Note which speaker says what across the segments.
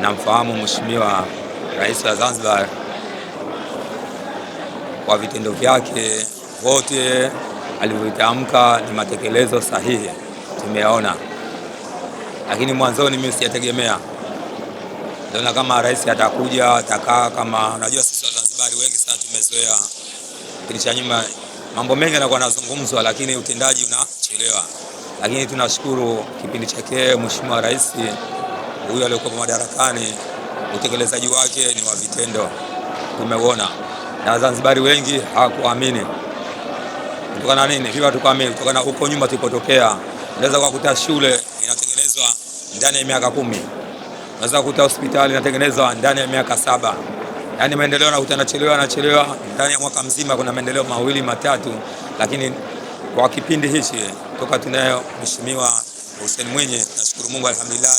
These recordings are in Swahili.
Speaker 1: namfahamu Mheshimiwa Rais wa Zanzibar kwa vitendo vyake vyote alivyotamka ni matekelezo sahihi, tumeona. Lakini mwanzoni mimi sijategemea, naona kama rais atakuja atakaa kama, unajua sisi Wazanzibari wengi sana tumezoea kipindi cha nyuma, mambo mengi yanakuwa yanazungumzwa, lakini utendaji unachelewa. Lakini tunashukuru kipindi chake Mheshimiwa Rais huyu aliyokuwa madarakani utekelezaji wake ni wa vitendo, tumeona na Wazanzibari wengi hawakuamini. Kutokana nini? Vipi tukaamini? Kutokana huko nyuma tulipotokea, unaweza kukuta shule inatengenezwa ndani ya miaka kumi, unaweza kukuta hospitali inatengenezwa ndani ya miaka saba. Yaani maendeleo unakuta yanachelewa yanachelewa, ndani ya mwaka mzima kuna maendeleo mawili matatu, lakini kwa kipindi hichi toka tunayo Mheshimiwa Hussein Mwinyi, nashukuru Mungu alhamdulillah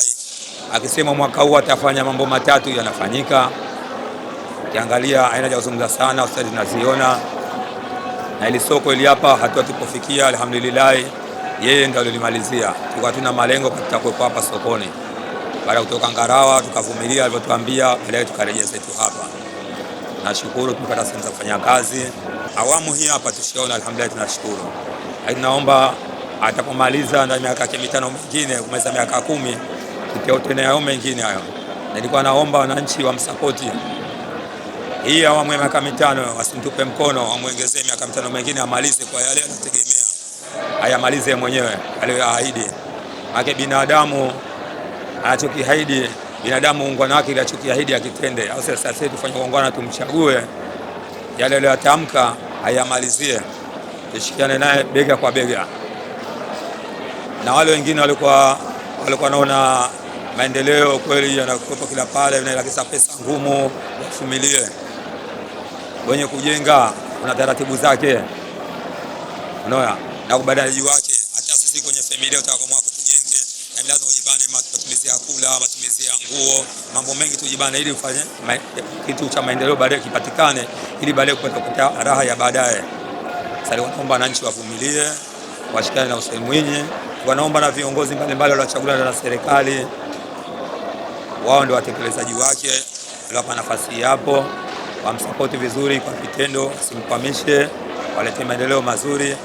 Speaker 1: akisema mwaka huu atafanya mambo matatu, yanafanyika. Ukiangalia aina za kuzungumza sana, ustadi tunaziona, na ili soko ili hapa hatua tupofikia, alhamdulillah, yeye ndio alilimalizia. Tulikuwa tuna malengo katika kuwepo hapa sokoni, baada ya kutoka Ngarawa tukavumilia alivyotuambia, baadaye tukarejea zetu hapa. Nashukuru tumepata sehemu za kufanya kazi awamu hii hapa tushiona alhamdulillah, tunashukuru. Lakini naomba atakapomaliza ndani ya miaka mitano mingine kumaliza miaka kumi kupitia kitotena mengine hayo. Nilikuwa naomba wananchi wamsapoti hii awamu ya miaka mitano, wasimtupe mkono, wamwongezee miaka mitano mengine amalize kwa yale anategemea, ayamalize mwenyewe aliyoahidi. Maana binadamu anachokiahidi, binadamu uungwana wake anachokiahidi akitende, au sasa sisi tufanye ungwana, tumchague yale aliyotamka ayamalizie, tushikiane naye bega kwa bega na wale wengine walikuwa walikuwa naona maendeleo kweli yanakuwepo kila pale, inaelekeza pesa ngumu, wavumilie. Wenye kujenga kuna taratibu zake, unaona, na ubadilikaji wake. Hata sisi kwenye familia utakamwa kutujenge, na yaani lazima ujibane matumizi ya kula, matumizi ya nguo, mambo mengi tujibane, ili ufanye kitu cha maendeleo baadaye kipatikane, ili baadaye kupata kupata raha ya baadaye. Sasa naomba wananchi wavumilie, washikane na Hussein Mwinyi, wanaomba na viongozi mbalimbali waliochaguliwa na serikali wao ndio watekelezaji wake, waliwapa nafasi hapo, wamsapoti vizuri kwa vitendo, simkwamishe, walete maendeleo mazuri.